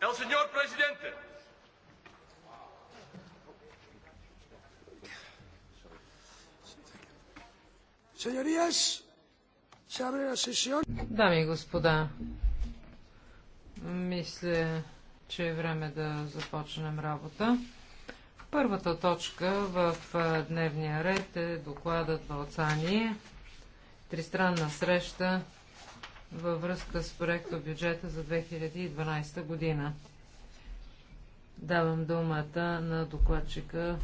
El señor presidente. Señorías, se abre la sesión. Dame, и господа, мисля, че е време да започнем работа. Първата точка в дневния ред е докладът Балцание. Тристранна среща във връзка с проекто бюджета за 2012 година. Давам думата на докладчика